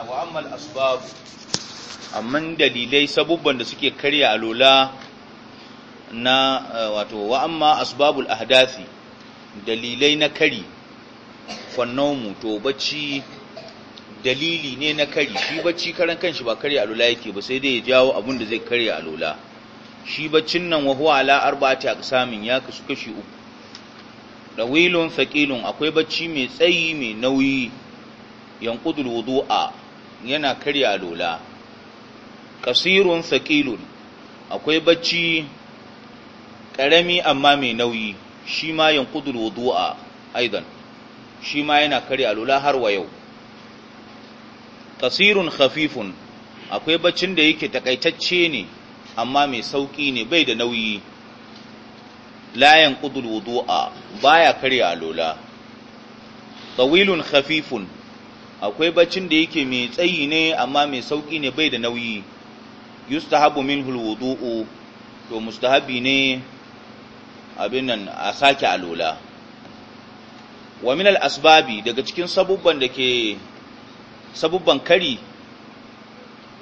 wa ammal asbab amma dalilai sabubban da suke karya alola na eh, wato wa amma asbabul ahdathi dalilai na kari fannomu to bacci dalili ne na kari shi bacci karan kanshi ba karya alola yake ba sai dai ya jawo abun da zai karya alola shi baccin nan wa huwa ala arba'ati aqsamin ya kasu kashi uku dawilun faqilun akwai bacci mai tsayi mai nauyi yanqudul wudu'a yana karya lola kasirun sakilun akwai bacci karami amma mai nauyi shi ma kudur wudu'a aidan shi ma yana karya lola har wa yau kasirun khafifun akwai baccin da yake takaitacce ne amma mai sauki ne bai da nauyi layan kudur wudu'a baya karya lola tawilun khafifun akwai baccin da yake mai tsayi ne amma mai sauki ne bai da nauyi yustahabu minhul wudu'u to mustahabi ne abin nan a sake alola wa minal asbabi daga cikin sabubban da ke sabubban kari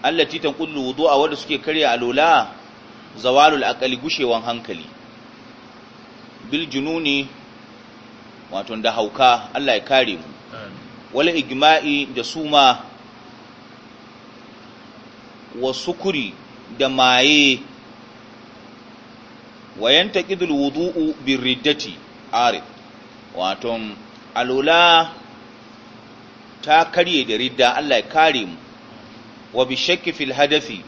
allati tanqulu wudu'a wanda suke karya alola zawalul aqali gushewan hankali bil jununi wato da hauka Allah ya kare mu wala igma'i da suma wa sukuri da maye wayan taqidul wudu'u birriddati arid wato alula ta karye da ridda Allah ya kare mu wa bi shakki fil hadafi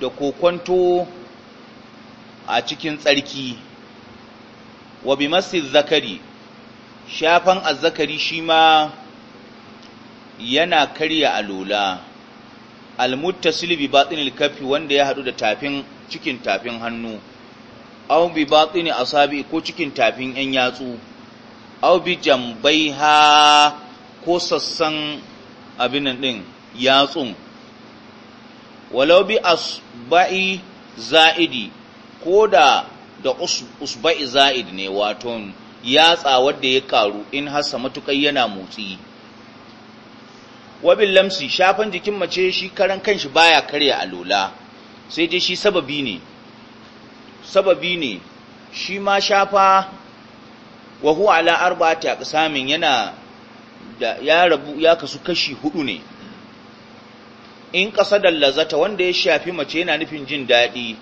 da kokonto a cikin tsarki wa bi masjid zakari shafan azzakari shi ma yana karya alula almuttasil bi batinil kafi wanda ya hadu da tafin cikin tafin hannu aw bi batini asabi ko cikin tafin yan yatsu aw bi jambaiha ko sassan abin nan din yatsun walau bi asba'i za'idi ko da da usba'i za'id ne wato yatsa wanda ya karu in hasa matukai yana motsi wabin lamsi shafan jikin mace shi karan kanshi baya karya alola sai dai shi sababi ne sababi ne shi ma shafa wa huwa ala arba'ati aqsamin yana da ya rabu ya kasu kashi hudu ne in qasadal lazata wanda ya shafi mace yana nufin jin dadi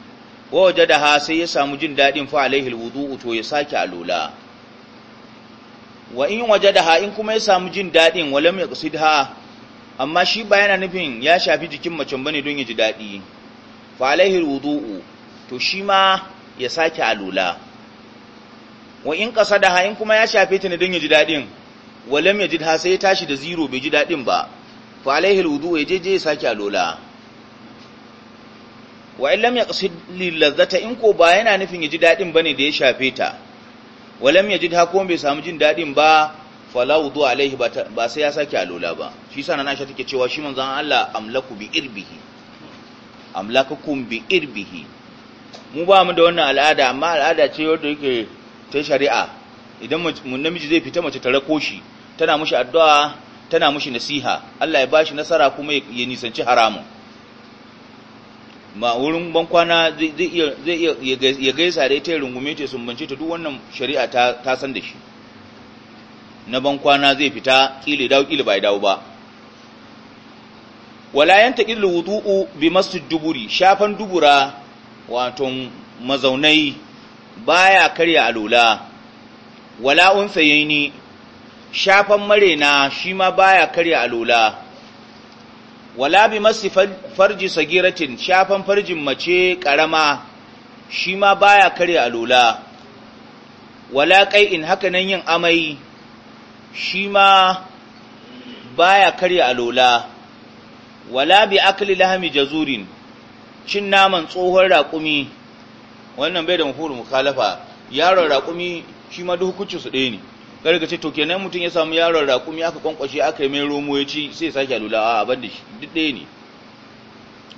wa wajadaha sai ya samu jin dadin fa alaihi alwudu to ya saki alola wa in wajadaha in kuma ya samu jin dadin walam yaqsidha amma shi ba yana nufin ya shafi jikin macen bane don ya ji daɗi fa alaihi wudu'u to shi ma ya sake alula wa in ha, in kuma ya shafe ta ne don ya ji daɗin walam ji ha sai ya tashi da zero bai ji daɗin ba fa alaihi wudu'u ya je je ya sake alula wa in lam yaqsid lil in ko ba yana nufin ya ji daɗin bane da ya shafe ta walam ji ha ko bai samu jin daɗin ba fala wudu alaihi ba sai ya sake alola ba shi yasa na sha take cewa shi manzon Allah amlaku bi irbihi amlakukum bi irbihi mu ba mu da wannan al'ada amma al'ada ce wanda yake ta shari'a idan namiji zai fita mace ta rako shi tana mushi addu'a tana mushi nasiha Allah ya bashi nasara kuma ya nisanci haramun ma wurin bankwana zai iya ya gaisa da ita rungume ta sumbance ta duk wannan shari'a ta san da shi na ban kwana zai fita kila dawo kila bai dawo ba wala yanta yantaqil wudu'u bi masjid duburi shafan dubura wato mazaunai baya karya alula wala unsayaini shafan marena shi ma baya karya alula wala bi masjid farji sagiratin shafan farjin mace karama shi ma baya karya alula wala in haka nan yin amai shi ma ba ya karya alola wala bi akli lahmi jazurin cin naman tsohon raƙumi wannan bai da mafuru mukhalafa yaron raƙumi shi ma duk su ɗaya ne kada ce to kenan mutum ya samu yaron raƙumi aka kwankwashe aka yi mai romo ya ci sai sake alola a ban da shi duk ɗaya ne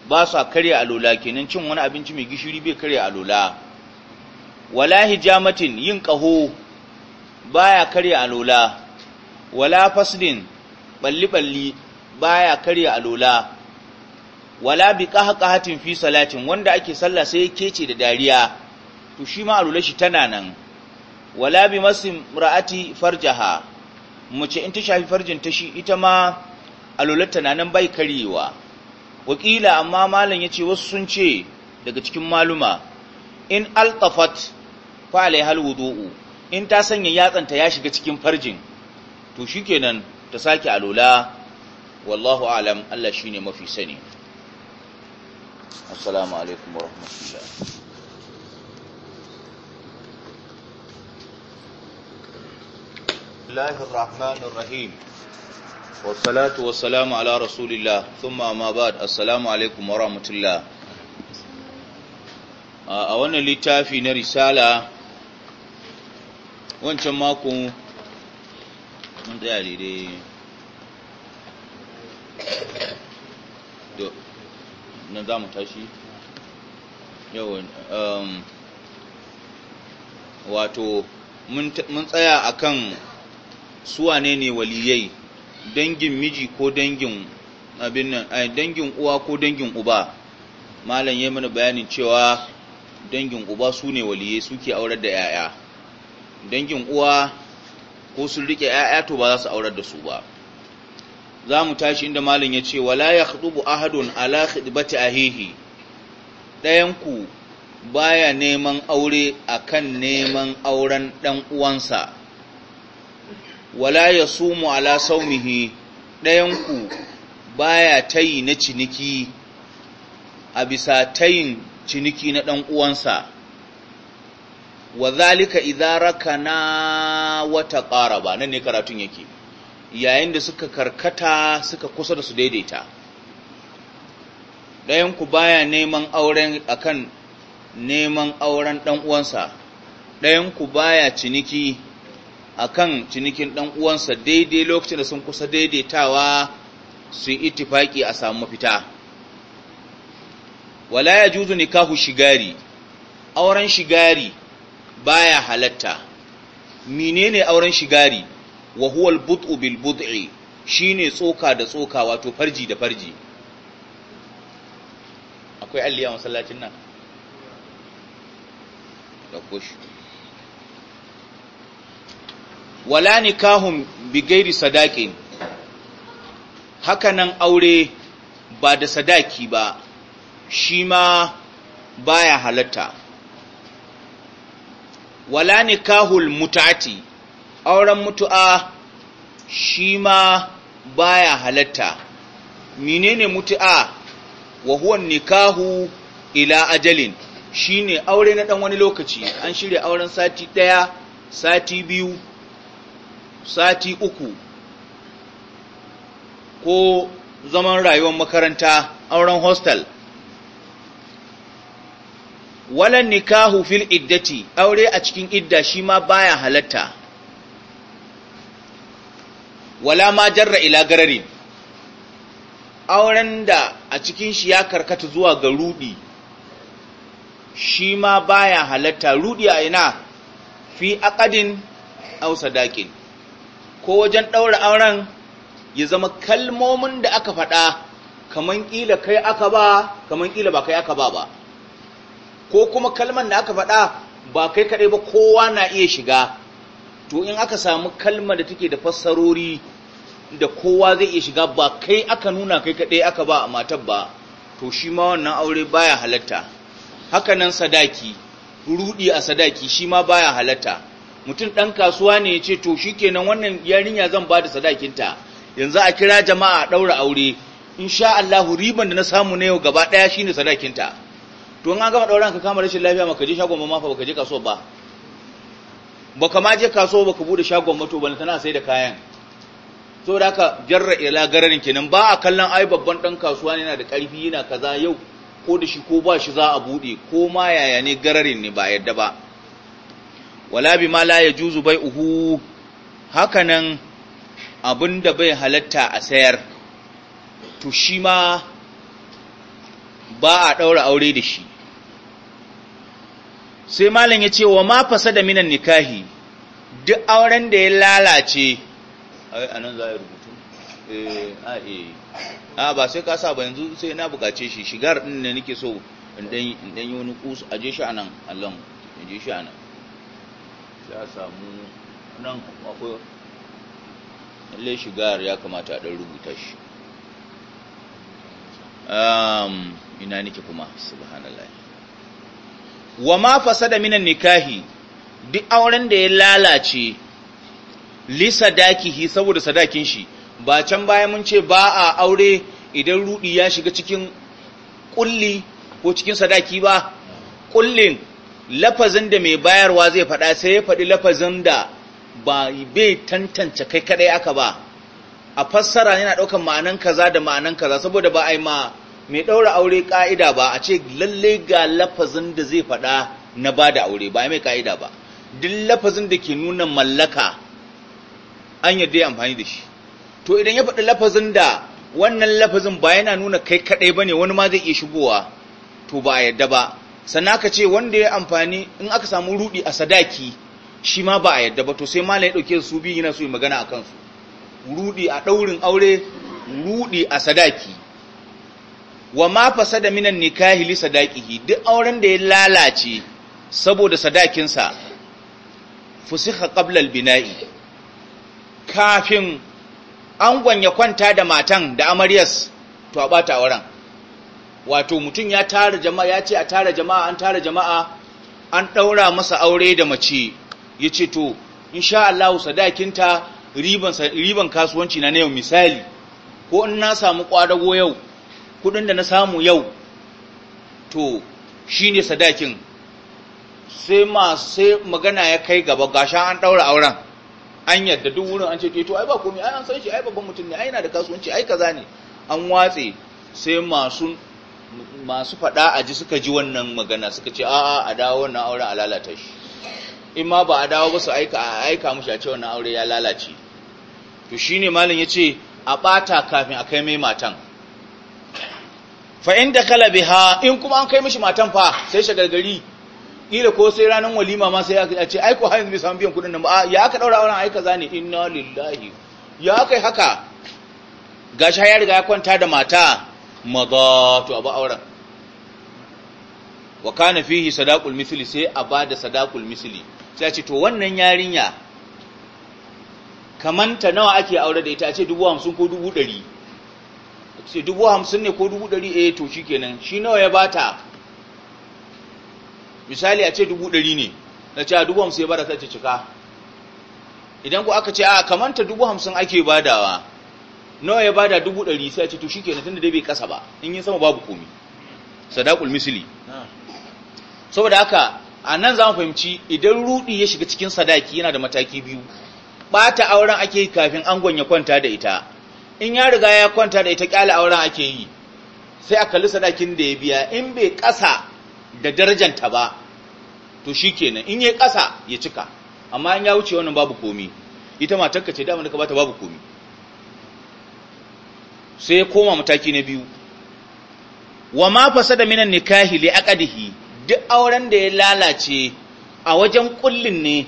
ba su a karya alola kenan cin wani abinci mai gishiri bai karya alola wala hijamatin yin ƙaho Ba ya karya alola wala faslin balli-balli baya karya alola wala bi qahqahatin fi salatin wanda ake sallah sai kece da dariya to shi ma alola shi tana nan wala bi masim ra'ati farjaha mace in ta shafi farjin ta shi ita ma alolar tana nan bai karyewa wakila amma malam ce wasu sun ce daga cikin maluma in alƙafat fa alaiha wudu'u in ta sanya yatsanta ya shiga cikin farjin to kenan ta sake alula wallahu alam Allah ne mafi sani assalamu alaikum warahmatullahi الله الرحمن الرحيم والصلاة والسلام a wannan littafi na risala wancan mako mun tsaya daidai na za mu tashi yau um, wato mun tsaya akan suwane ne waliyai dangin miji ko dangin abin nan ai eh, dangin uwa ko dangin uba malam yayi mana bayanin cewa dangin uba su ne waliyai suke aurar da yaya dangin uwa ko sun rike 'ya'ya to ba za su aurar da su ba za mu tashi inda malin ya ce wala ya khutubu ahadun ala khidbati ahihi ɗayanku ba ya neman aure a kan neman auren ɗan uwansa wala ya sumu ala saumihi ɗayanku ba baya tayi na ciniki a bisa tayin ciniki na ɗan'uwansa. wa zalika idza wata wa taqaraba nan ne karatun yake yayin da suka karkata suka kusa da su daidaita Ɗayanku ku baya neman auren akan neman auren ɗan'uwansa, ɗayanku baya ciniki akan cinikin ɗan'uwansa uwansa daidai lokacin da sun kusa daidaitawa su yi ittifaki a samu mafita wala yajuzu nikahu shigari auren shigari baya halatta menene auren shigari wa huwal budu bil bud'i shine tsoka da tsoka wato farji da farji akwai alliya masallacin nan da kush wala nikahum bi ghairi sadaqin hakanan aure ba da sadaki ba shi ma baya halatta wala nikahul mutati auren mutu'a shi ma baya halatta menene mutu'a wa huwa nikahu ila ajalin shine aure na ɗan wani lokaci an shirya auren sati ɗaya, sati biyu sati uku ko zaman rayuwar makaranta auren hostel wala nikahu fil iddati aure a cikin idda shi ma baya halatta wala ma jarra ila gararin auren da a cikin shi ya karkata zuwa ga rudi shi ma baya halatta rudi a ina fi aqadin aw sadaqin ko wajen ɗaura auren ya zama kalmomin da aka faɗa kaman kila kai aka ba kaman kila ba kai aka ba ba ko kuma kalman da aka faɗa ba kai kaɗai ba kowa na iya shiga to in aka samu kalmar da take da fassarori da kowa zai iya shiga ba kai aka nuna kai kaɗai aka ba a matar ba to shi ma wannan aure baya halatta haka nan sadaki rudi a sadaki shi ma baya halatta mutum ɗan kasuwa ne ya ce to shi kenan wannan yarinya zan ba da sadakinta yanzu a kira jama'a a ɗaura aure in sha Allah riban da na samu na yau gaba ɗaya shine sadakinta to an gama ɗauran ka kama rashin lafiya maka je shagon ma baka je kaso ba baka ma je kaso baka bude shagon mato ba tana sai da kayan so da haka jarra ila gararin kenan ba a kallon ai babban dan kasuwa ne yana da ƙarfi yana kaza yau ko da shi ko ba shi za a bude ko ma yaya ne gararin ne ba yadda ba wala bi ma la yajuzu bai'uhu hakanan abinda bai halatta a sayar to shi ma ba a ɗaura aure da shi sai malam ya ce wa ma fasada minan nikahi duk auren da ya lalace a nan za a yi rubutu eh, a eh. a ba sai kasa ba yanzu sai na bukace shi shigar din da nake so in dan yi wani kusa aje shi a nan allon aje shi a nan sai a samu nan akwai lallai shigar ya kamata a ɗan rubuta shi ina nake kuma subhanallah wa ma fasada minan nikahi duk auren da ya lalace li sadakihi saboda sadakin shi ba can baya mun ce ba a aure idan rudi ya shiga cikin kulli ko cikin sadaki ba kullin lafazin da mai bayarwa zai faɗa sai ya faɗi lafazin da ba bai tantance kai kadai aka ba a fassara yana ɗaukar ma'anan kaza da ma'anan kaza saboda ba a yi ma mai ɗaura aure ƙa'ida ba a ce lallai ga lafazin da zai faɗa na ba da aure ba mai ƙa'ida ba duk lafazin da ke nuna mallaka an yadda ya amfani da shi to idan ya faɗi lafazin da wannan lafazin ba yana nuna kai kaɗai ba ne wani ma zai iya shigowa to ba a yadda ba sannan aka ce wanda ya amfani in aka samu ruɗi a sadaki shi ma ba a yadda ba to sai malam ya ɗauke su biyu yana so yi magana a kansu ruɗi a ɗaurin aure ruɗi a sadaki wa ma fasada minan nikahi li sadaqihi duk auren da ya lalace saboda sadakinsa fusikha qabla albina'i kafin angon ya kwanta da matan da amaryas to a bata auren wato mutum ya tara jama'a ya ce a tara jama'a an tara jama'a an daura masa aure da mace yace to insha Allah sadakinta riban riban kasuwanci na yau misali ko in na samu kwadago yau kudin da na samu yau to shi ne sadakin sai ma sai magana ya kai gaba gasha an daura auren an yadda duk wurin an ce eh, to ai ba komai ai an san shi ai babban mutum ne ai yana da kasuwanci ai kaza ne an watse sai masu masu fada a ji suka ji wannan magana suka ce a'a a dawo wannan auren a lalata shi in ma ba a dawo ba su aika a aika mushi a ce wannan aure ya lalace to shine malam yace a bata kafin a kai mai matan fa inda kala biha in kuma an kai mishi matan fa sai shagalgari. kila ko sai ranar walima ma sai a ce ai ko har yanzu bai samu biyan kudin nan ba ya aka daura auren ai kaza ne inna lillahi ya kai haka gashi ya riga ya kwanta da mata maza to abu auren wa kana fihi sadaqul misli sai a bada sadaqul misli sai a ce to wannan yarinya kamanta nawa ake aure da ita a ce dubu hamsin ko dubu ɗari sai dubu hamsin ne ko dubu ɗari eh to shi kenan shi nawa ya ba ta? misali a ce dubu ɗari ne na ce a dubu hamsin ya da ta ce cika idan ku aka ce a kamanta dubu hamsin ake badawa nawa ya ba da dubu ɗari sai a ce to shi kenan da dai bai kasa ba in yi sama babu komi sadakul misili saboda haka a nan za mu fahimci idan rudi ya shiga cikin sadaki yana da mataki biyu ɓata auren ake kafin angon ya kwanta da ita in ya riga ya kwanta da ita kyale auren ake yi sai a kalli sadakin da ya biya in bai ƙasa da darajanta ba to shi kenan in ya ƙasa ya cika amma in ya wuce wannan babu komi ita matarka ce damar da ka bata babu komi sai ya koma mataki na biyu wa ma fasada minan nikahi li aqdihi duk auren da ya lalace a wajen kullin ne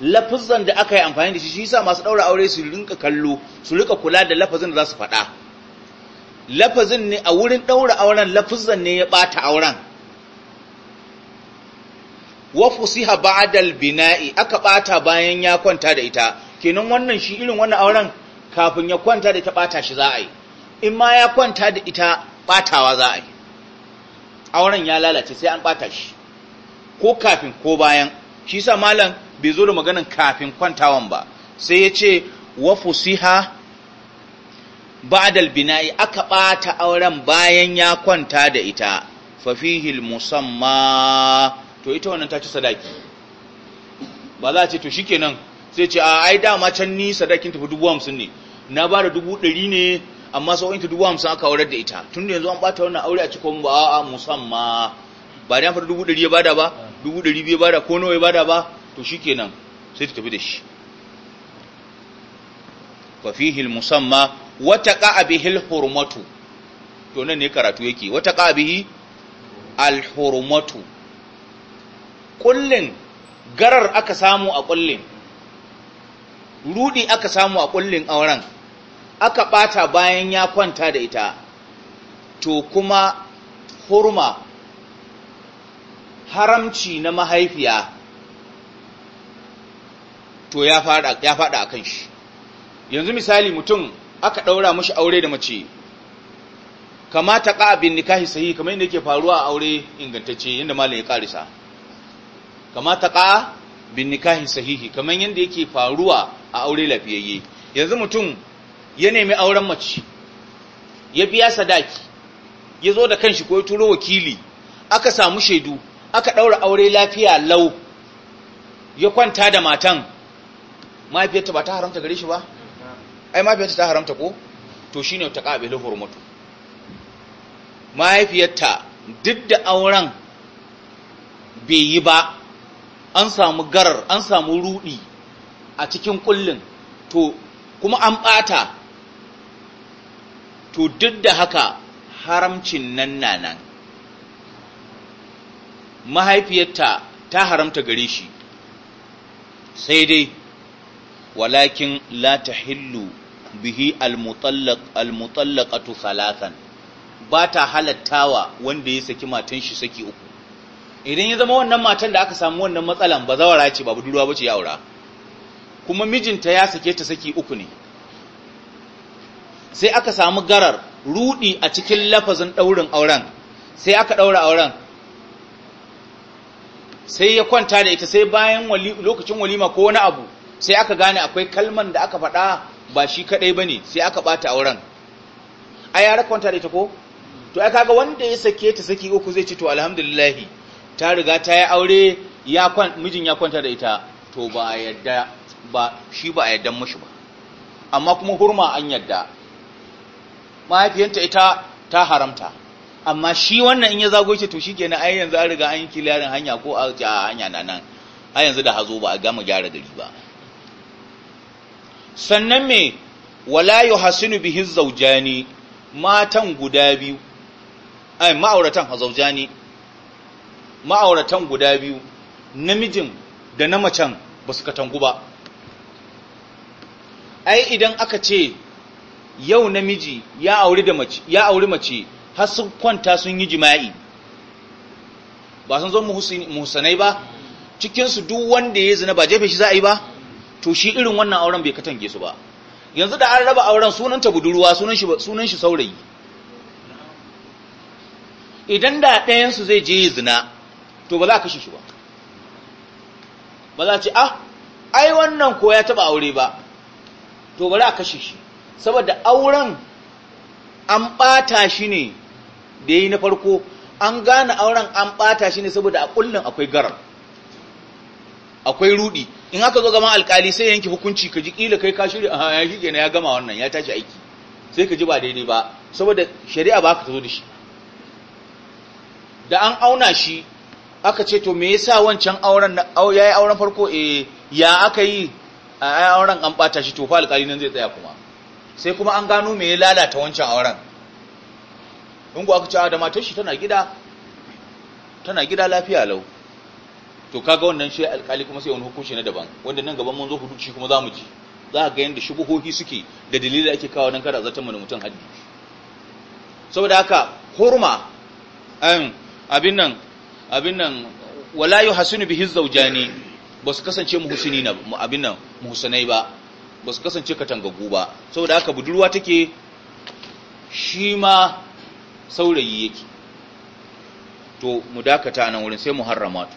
lafazan da aka yi amfani da shi shi yasa masu daura aure su rinka kallo su rika kula da lafazin da za su faɗa lafazin ne a wurin daura auren lafazan ne ya bata auren wa fusiha ba'dal bina'i aka bata bayan ya kwanta da ita kenan wannan shi irin wannan auren kafin ya kwanta da ita bata shi za a yi in ma ya kwanta da ita batawa za a yi auren ya lalace sai an bata shi ko kafin ko bayan shi sa malam bai zo da magana kafin kwantawan ba sai ya ce wa fusiha ba'dal bina'i aka bata auren bayan ya kwanta da ita fa fihi musamma to ita wannan ta ci sadaki ba za a ce to shikenan sai ce a ai dama can ni sadakin tafi dubu hamsin ne na ba da dubu ɗari ne amma sauƙin ta dubu hamsin aka aurar da ita tun da yanzu an bata wannan aure a kuma ba a musamma ba da fara dubu ɗari ya bada ba dubu ɗari biyu bada ko nawa ya bada ba to shikenan sai ta tafi da shi fa fihi al-musamma wa taqa bihi hurmatu to nan ne karatu yake wa taqa bihi al kullin garar aka samu a kullin rudi aka samu a kullin auren aka ɓata bayan ya kwanta da ita to kuma hurma haramci na mahaifiya to ya fada ya fada akan shi yanzu misali mutum aka daura mashi aure da mace kamata qa'abin nikahi sahihi kamar yadda yake faruwa a aure ingantacce yadda malam ya karisa kamata qa'a bin nikahi sahihi kamar yadda yake faruwa a aure lafiyayye yanzu mutum ya nemi auren mace ya biya sadaki ya zo da kanshi ko ya turo wakili aka samu shaidu aka ɗaura aure lafiya lau ya kwanta da matan mahaifiyarta ba ta haramta gare shi ba ai mahaifiyarta ta haramta ko to shine ta qabilu hurmatu mahaifiyarta duk da auren bai yi ba an samu garar an samu rudi a cikin kullun to kuma an bata to duk da haka haramcin nan nan mahaifiyarta ta haramta gare shi sai dai walakin la tahillu bihi almutallaq almutallaqatu salasan bata halattawa wanda ya saki matan shi saki uku idan ya zama wannan matan da aka samu wannan matsalan ba zawara ce ba budurwa bace ya aura kuma mijinta ya sake ta saki uku ne sai aka samu garar rudi a cikin lafazin ɗaurin auren sai aka ɗaura auren sai ya kwanta da ita sai bayan lokacin walima ko wani abu sai aka gane akwai kalman da aka faɗa ba shi kaɗai ba ne sai aka ɓata auren a yara kwanta da ita ko to aka kaga wanda ya sake ta saki uku zai ce to alhamdulillahi ta riga ta yi aure ya kwan mijin ya kwanta da ita to ba a yadda ba shi ba a yadda mashi ba amma kuma hurma an yadda mahaifiyanta ita ta haramta amma shi wannan in ya zago ce to shikenan ai yanzu an riga an yi kiliyarin hanya ko a hanya na nan ai yanzu da hazo ba a gama gyara gari ba sannan me wala yuhasinu bihi zawjani matan guda biyu ai ma'auratan Zaujani, ma'auratan guda biyu namijin da na macen ba su katangu ba ai idan aka ce yau namiji ya auri da mace ya auri mace har sun kwanta sun yi jima'i ba sun zo mu muhsanai ba cikin su duk wanda ya zina ba jefe shi za a yi ba to shi irin wannan auren bai katange su ba yanzu da an raba auren sunanta budurwa sunan shi saurayi idan da ɗayansu zai je zina to ba za a kashe shi ba ba za ce ah ai wannan ko ya taba aure ba to za a kashe shi saboda auren an ɓata shi ne da yi na farko an gane auren an ɓata shi ne saboda a kullun akwai garar akwai rudi in aka zo zaman alkali sai yanke hukunci ka ji kila kai ka shirya a ya gina ya gama wannan ya tashi aiki sai ka ji ba daidai ba saboda shari'a ba ka zo da shi da an auna shi aka ce to me yasa wancan auren ya yi auren farko eh ya aka yi a auren an bata shi to fa alkali nan zai tsaya kuma sai kuma an gano me ya lalata wancan auren ungu aka ce da matar shi tana gida tana gida lafiya lau to kaga wannan shi alkali kuma sai wani hukunci na daban wanda nan gaban mun zo shi kuma za mu ji za ka ga yadda shubuhohi suke da dalilin ake kawo nan kada zartar mana mutum haddi saboda haka hurma um, abin nan abin nan wala yuhasinu bihi zawjani ba su kasance husini na abin nan muhusanai ba ba su kasance katangagu ba saboda haka budurwa take shi ma saurayi yake to mu dakata nan wurin sai mu harrama to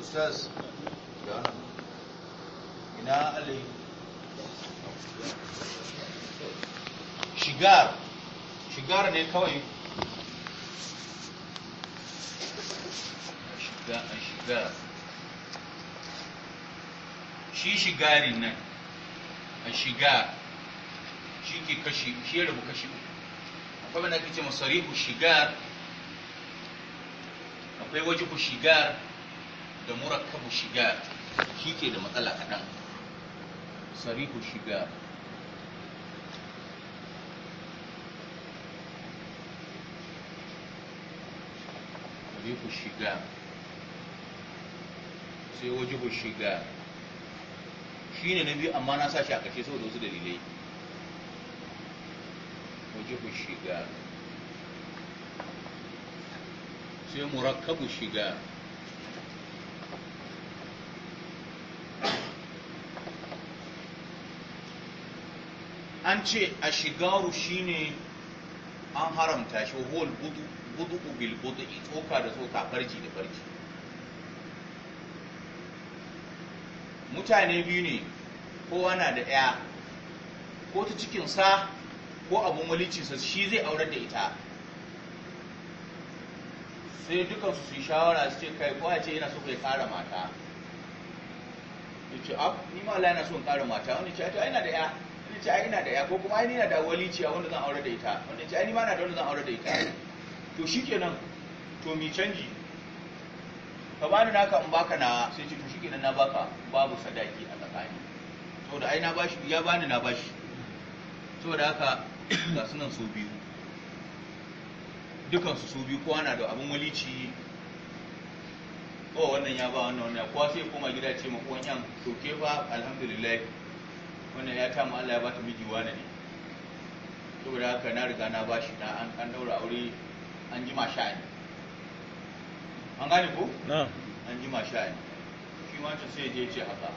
ustaz ina ne kawai shigar shigar shi shigari nan a shiga shi ke kashi shi rabu kashi akwai wanda ake ce masarihu shigar akwai ku shigar da murakkabu shigar shi ke da matsala kaɗan sarihu shigar sarihu shigar sai waje ku shigar Shi ne na biyu amma na sa shi a ƙarshe saboda wasu dalilai mu ku shiga sai murakkabu shiga an ce a shigaru shine an haramta shi hol budu bil budu tsoka da tsoka farji da farji mutane biyu ne kowa na da ɗaya ko ta cikinsa ko abin walicinsa shi zai aurar da ita sai dukansu su yi shawara su ce kai kowa ce yana so kai kara mata ya ab ni ma Allah yana so in kara mata wani ce ai ina da ya wani ce ai ina da ya ko kuma ai na da waliciya wanda zan aure da ita wani ce ai ni ma na da wanda zan aure da ita to shikenan to mi canji ka bani naka in baka na sai ce to shikenan na baka babu sadaki a tsakani saboda ai na bashi ya bani na bashi saboda haka ga sunan su biyu dukan su biyu kowa na da abin walici kowa wannan ya ba wannan wannan kowa sai koma gida ce ma kowan yan soke fa alhamdulillah wannan ya tamu Allah ya ba ta miji wani ne saboda haka na riga na bashi na an daura aure an jima sha'ani an gane ko an jima sha ne shi wancan sai je ce haka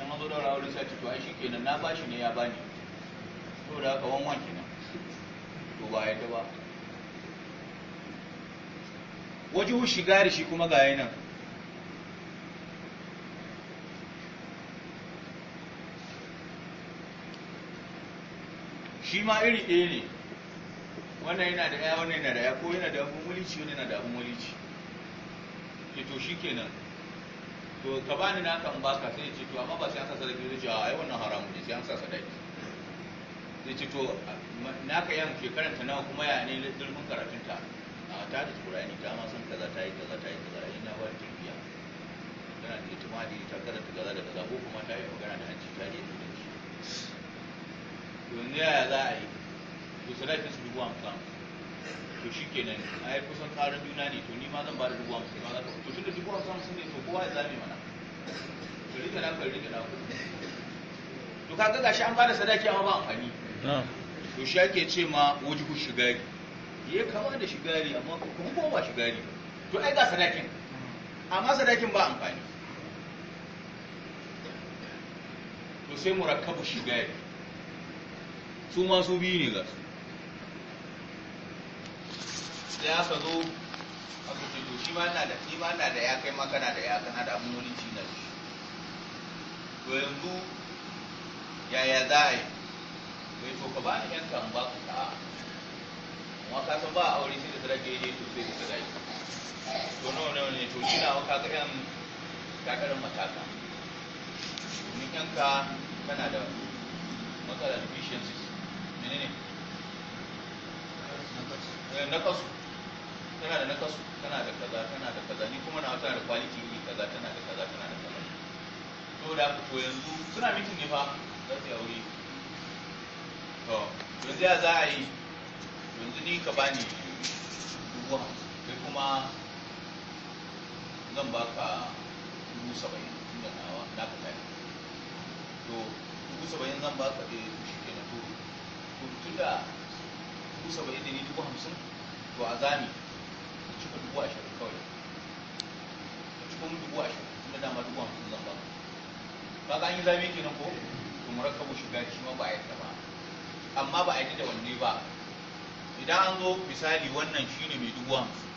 an mazo da rawar sai to ai shikenan na bashi ne ya bani to da haka wan wan kenan to ba ya ba wajihu shigari shi kuma ga nan shi ma iri ɗaya ne wannan yana da ya wannan yana da ya ko yana da abun mulici wannan yana da abun mulici ce to shi kenan to ka bani na kan ka, sai ce to amma ba sai an sa sadaki zai ce yi wannan haramun ne sai an sa sadaki zai ce to naka yan shekaran ta nawa kuma ya ne dalmin karatun ta a ta da qur'ani ta ma san kaza ta yi kaza ta yi kaza ina ba tarbiya tana da ita, ta karanta kaza da kaza ko kuma ta yi magana da hanci ta ne da shi to ne ya za a yi to sadakin su dubu hamsin to shi kenan a yi kusan karin juna ne to ni ma zan ba da dubu hamsin ma za ka to da dubu hamsin ne to kowa ya zame mana to rike na kan rike na ku to kaga gashi an bada sadaki amma ba amfani to shi ake ce ma waje ku shigari ya eh, kama da shigari amma kuma kuma ba shigari to ai ga sadakin amma sadakin ba amfani to sai murakkabu shigari su ma su biyu ne gasu su da ya zo a kusurdu shi ma da shi ma da ya kai da ya kana da na shi to yanzu yaya za a yi bai to ka ba ni yan kan ba ku ta'a amma ka san ba a aure sai da sarake ne to sai da sarake to nawa nawa ne to shi na yan kakarin domin yanka da matsalar menene eh, na kasu tana da nakasu tana da kaza tana da kaza ni kuma na tana da kwaliti ne kaza tana da kaza tana da kaza to da ko yanzu suna mitin ne fa za su yi aure to yanzu ya za a yi yanzu ni ka bani dubu kai kuma zan baka dubu saba'in da nawa na ka tare to dubu saba'in zan baka da eh, shi ke na to tun da dubu saba'in da ni dubu hamsin to a zami cikin dubu ashirin kawai ka cikin dubu ashirin tunda dama dubu hamsin zan ba ka ga an yi zabe kenan ko to murakkabu shiga shi ma ba a yadda ba amma ba a yadda da wanne ba idan an zo misali wannan shine mai dubu hamsin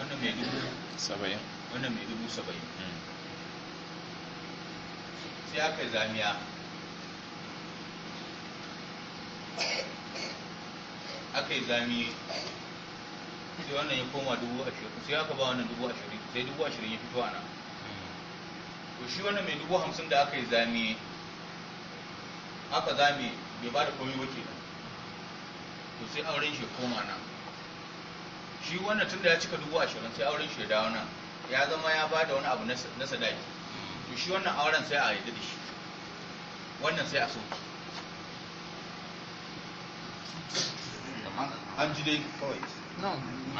wannan mai dubu saba'in wannan mai dubu saba'in sai aka zamiya aka yi zamiye sai wannan ya koma dubu ashirin sai aka ba wannan dubu ashirin sai dubu ashirin ya fito ana to shi wannan mai dubu hamsin da aka yi zame aka zame bai ba da komai ba kenan to sai auren shi koma nan shi wannan tunda ya cika dubu ashirin sai auren shi ya dawo nan ya zama ya ba da wani abu na sadaki to shi wannan auren sai a yi da shi wannan sai a soki an ji dai kawai No.